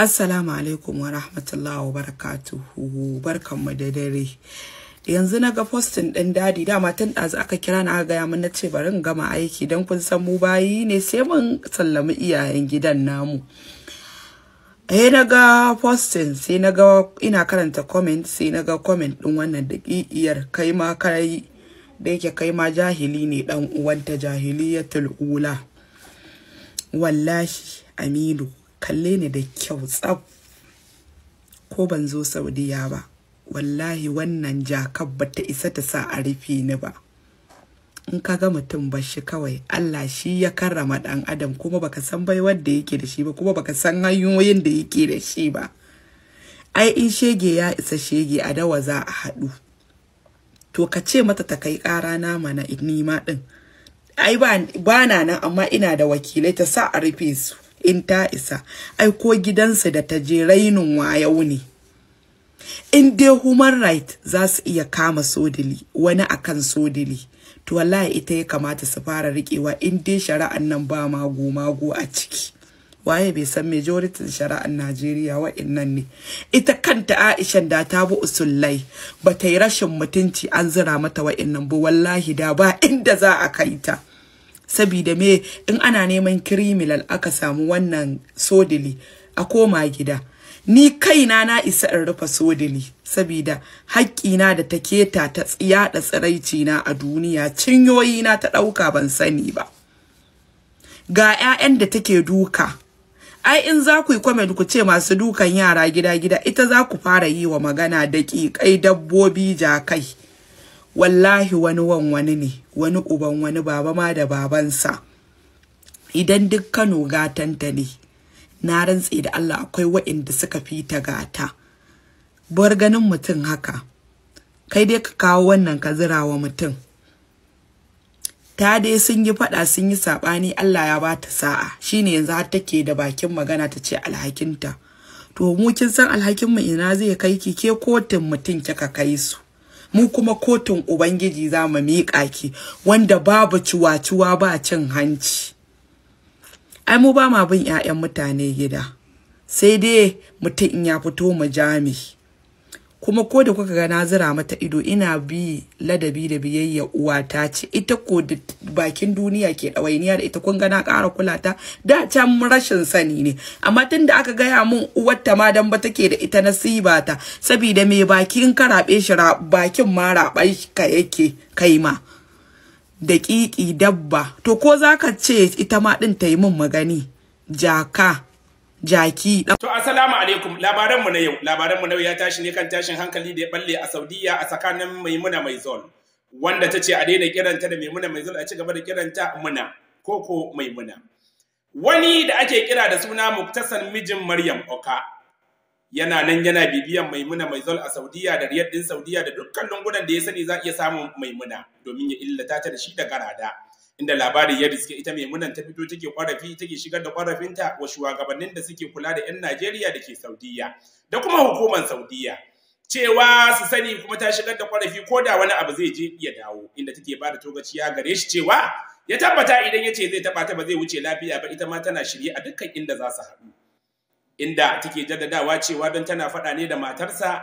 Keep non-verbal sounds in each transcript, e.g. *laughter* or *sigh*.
Assalamu alaikum wa rahmatullahi wa barakatuhu barkanmu da dare. Yanzu na ga postin ɗin dadi dama tun ɗazu aka kira na gaya mu na ce bari in gama aiki dan kun san mu bayi ne sai mun sallami iyayen gidan namu. Eh na ga postin sai na ga ina karanta comment sai na ga comment ɗin wannan da iyar kai ma kai da yake kai ma jahili ne ɗan uwanta jahiliyatul ula. Wallahi Aminu kalle ni da kyau tsab ko ban zo saudiya ba wallahi wannan jakar ba ta isa ta sa a rufe ni ba in ka ga mutum ba shi kawai Allah shi ya karrama dan adam kuma baka san bai wanda yake da shi ba kuma baka san hanyoyin da yake da shi ba ai in shege ya isa shege a dawa za a haɗu to ka ce mata ta kai ƙara na mana nima ɗin ai ba na nan amma ina da wakilai ta sa a rufe su in ta isa ai ko gidansu da ta je rainin wayau ne in dai human right za su iya kama sodili wani akan sodili to wallahi ita ya kamata su fara riƙewa in dai shari'an nan ba mago mago a ciki waye bai san majority shari'ar Najeriya wa'annan ne ita kanta Aisha da ta bi usullai ba ta yi rashin mutunci an zira mata wa'annan ba wallahi da ba inda za a kai ta sabida me in ana neman criminal aka samu wannan sodili a koma gida ni kaina na isa in rufa sodili sabida haƙƙina da ta keta ta tsiya da tsiraici na a duniya cinyoyi na ta ɗauka ban sani ba ga 'ya'yan da take duka ai in za ku yi comment ku ce masu dukan yara gida gida ita za ku fara yi wa magana da ƙiƙai dabbobi jakai wallahi wani wanwani ne wani uban wani baba ma da babansa idan duk kano gatanta ne na rantse da allah akwai wa'inda suka fi ta gata bar ganin mutum haka kai dai ka kawo wannan ka zira wa mutum ta dai sun yi faɗa sun yi saɓani Allah ya ba ta sa'a shine yanzu har take da bakin magana ta ce alhakinta to mu kin san alhakin mu ina zai kai ki ke kotun mutum kika kai su mu kuma kotun ubangiji za mu miƙa ki wanda babu ciwa-ciwa ba cin hanci ai mu ba ma bin 'ya'yan mutane gida sai dai mutum in ya fito mu jami kuma ko da kuka ga na zira mata ido ina bi ladabi da biyayya uwata ce ita ko da bakin duniya ke ɗawainiya da ita kun ga na ƙara kula ta da can rashin sani ne amma tun da aka gaya min uwarta ma dan ba take da ita nasiba ta saboda mai baki ka raɓe shi bakin ma raɓar ka yake kai ma daƙiƙi dabba to ko za ka ce ita ma ɗin ta yi min magani jaka jaki. To assalamu alaikum labaranmu na yau labaranmu na yau ya tashi ne kan tashin hankali da ya balle a Saudiya a tsakanin Maimuna mai Maizol wanda ta ce a daina kiranta da Maimuna Maizol a ci gaba da kiranta Muna koko Maimuna. Wani da ake kira da suna Muktasan mijin Maryam Oka yana nan yana bibiyan Maimuna mai Maizol a Saudiya da riyad din Saudiya da dukkan lungunan da ya sani za a iya samun Maimuna domin ya illata ta da shi da garada. inda labarin ya riske ita maimunan ta fito take kwarafi take shigar da ta wa shugabannin da suke kula da 'yan Najeriya da ke Saudiya da kuma hukumar Saudiya cewa su sani kuma ta shigar da kwarafi ko da wani abu zai je ya dawo inda take ba da ya gare shi cewa ya tabbata idan ya ce zai taba ta ba zai wuce lafiya ba ita ma tana shirye a dukkan inda za su haɗu inda take jaddadawa cewa don tana faɗa ne da matarsa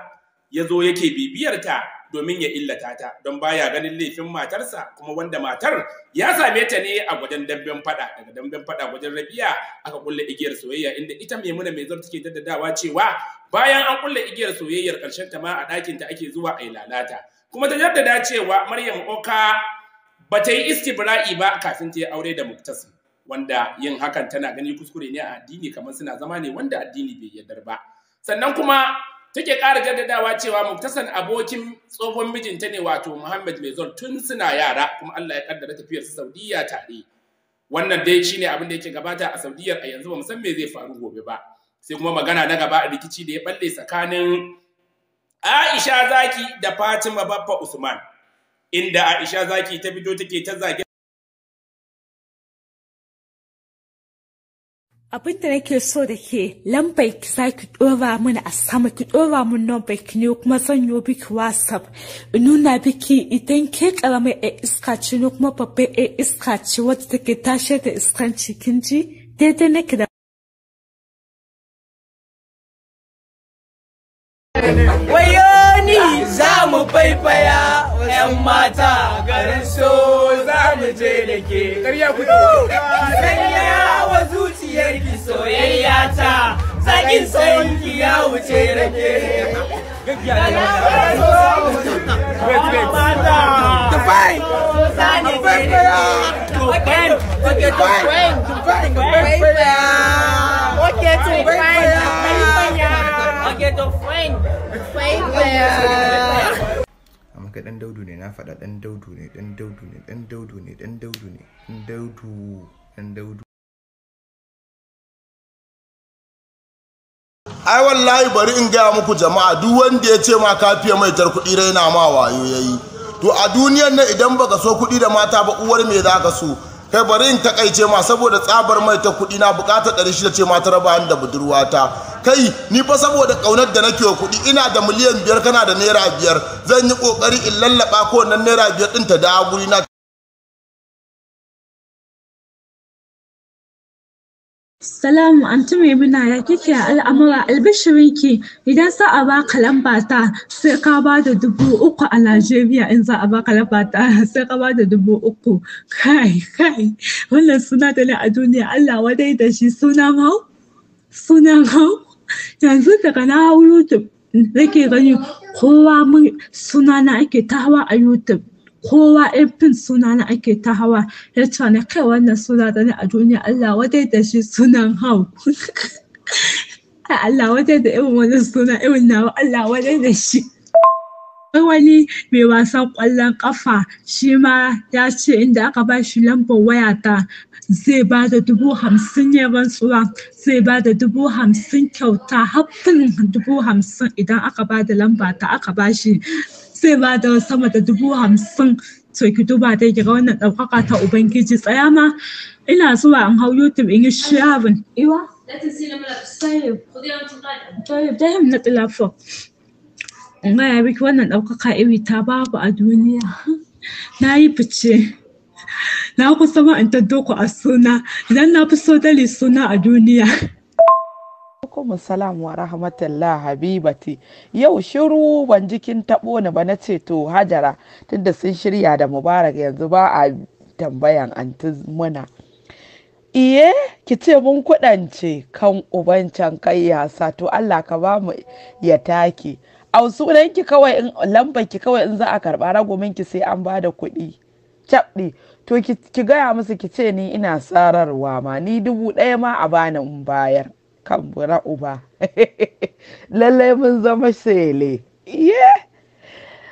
ya zo yake bibiyarta domin ya illata ta don baya ganin laifin matarsa kuma wanda matar ya same ta ne a gwajen damben fada daga damben fada gwajen rabiya aka kulle igiyar soyayya inda ita maimuna mai zar ke daddadawa cewa bayan an kulle igiyar soyayyar karshen ta ma a ɗakin ta ake zuwa a lalata kuma ta jaddada cewa maryam oka ba ta yi istibra'i ba kafin ta yi aure da muktasim wanda yin hakan tana gani kuskure ne a addini kamar suna zama ne wanda addini bai yardar ba sannan kuma take ƙara jaddadawa cewa muktasan abokin tsohon mijinta ne wato Muhammad Mezon tun suna yara kuma Allah ya kaddara tafiyar su Saudiya tare wannan dai shine abin da yake gabata a Saudiya a yanzu ba mu san me zai faru gobe ba sai kuma magana na gaba a rikici da ya balle tsakanin Aisha Zaki da Fatima Baffa Usman inda Aisha Zaki ta fito take ta zage Abin da nake so da ke lambar ki za ki ɗora mana a sama ki dora mun lambar ki ne kuma zan yi biki WhatsApp. nuna biki idan ke karamai a iska ce ne kuma babba a iska ce wadda take tashi da iskanci kin ji daidai nake da. Wayo ni za mu faifaya 'yan mata garin so za mu je da ke. Karya soyayyarki soyayya ta sakin da ya wuce rake amma kai dan daudu ne na faɗa dan daudu ne dan daudu ne dan daudu ne dan daudu ne dan daudu dan daudu ai wallahi bari in gaya muku jama'a duk wanda ya ce ma kafiya mai tar kuɗi raina ma wayo yayi to a duniyar nan idan baka so kuɗi da mata ba uwar me za ka so kai bari in takaice ma saboda tsabar mai ta kuɗi na bukatar ɗari shida ce mata raba da budurwata kai ni fa saboda ƙaunar da nake wa kuɗi ina da miliyan biyar kana da naira biyar zan yi ƙoƙari in lallaɓa ko wannan naira biyar ɗin ta da guri na Salamu anty Maimuna ya kike al'amura albishirinki idan a baka lamba ta sai ka bada dubu uku a Najeriya in za baka lamba ta sai ka bada dubu uku kai kai wannan suna da ne a duniya Allah wadai da shi sunan hau sunan hau yanzu daga na hau YouTube nake gani kowa mun na ake ta hawa a YouTube kowa in fin suna na ake ta hawa ya ce na kai wannan suna da ni a duniya Allah wadai da shi sunan hau *laughs* Allah wadai da irin wani suna irin nawa Allah wadai da shi wani mai wasan ƙwallon ƙafa shi ma ya ce inda aka ba shi lambar wayata zai ba da dubu hamsin ya rantsuwa zai ba da dubu hamsin kyauta hafin dubu hamsin idan aka ba da lamba ta aka ba shi zai ba da sama da dubu hamsin sai ki duba dai kira wannan ɗaukaka ta ubangiji tsaya ma ina zuwa in hau youtube in yi shabin iwa طيب دايم نطلع wannan ɗaukaka iri ta babu a duniya na yi fice na kusa ma'anta doko a suna idan na fi so dali suna a duniya kuma Salamu wa rahmatullah habibati yau shiru ban jikin taɓo ni ba na ce to hajara tunda sun shirya da mubarak yanzu ba a tambayan anti muna iye ki ce mun kudance kan uban can kai ya sa to Allah ka ba mu ya take A sunan ki kawai in lambar ki kawai in za a karba ragumin ki sai an bada kuɗi cabɗi to ki gaya musu ki ce ni ina sararwa ma ni dubu ɗaya ma a bani in bayar kambura uba *laughs* lallai mun zama sele iye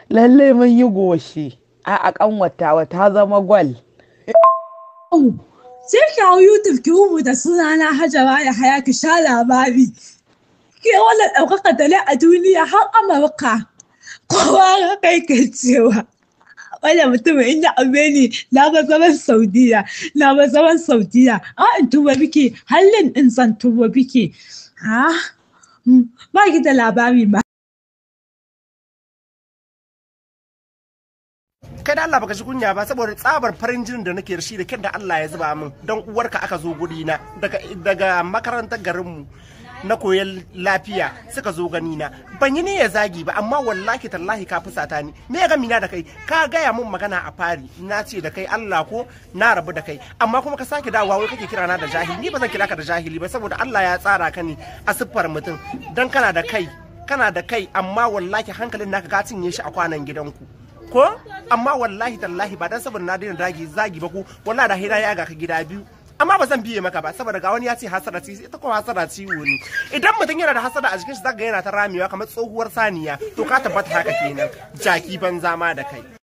lallai mun yi goshi a a wata ta zama gwal sai ki hau youtube ki rubuta sunana hajara ya haya ki sha labari ke wannan ɗaukaka da a duniya har amurka kowa kai kai cewa wannan mutumin inda aure ne na ga zaman saudiya na ga zaman saudiya a ah, in tuba biki hallin din zan tuba biki ha ah, mm, ba ki da labari ba kai da Allah baka ji kunya ba saboda tsabar farin jinin da nake shi da kyan da Allah ya zuba min dan uwarka aka zo gudi na daga makarantar garinmu na koyan lafiya suka zo gani na ban yi ya zagi ba amma wallahi tallahi ka fusata ni me ya na da kai ka gaya mun magana a fari na ce da kai Allah ko na rabu da kai amma kuma ka sake dawowa wai kake kira na da jahili ni ba zan kira ka da jahili ba saboda Allah ya tsara ka ne a siffar mutum dan kana da kai kana da kai amma wallahi hankalin naka ka cinye shi a kwanan gidanku ko amma wallahi tallahi ba dan saboda na daina zagi zagi ba ko wallahi da hira ya ga ka gida biyu amma ba zan biye maka ba saboda ga wani ya ce hasara ci ita kuma hasara ci ne idan mutum yana da hasara a jikin shi zaka ga yana ta ramewa kamar tsohuwar saniya to ka tabbata haka kenan jaki banza ma da kai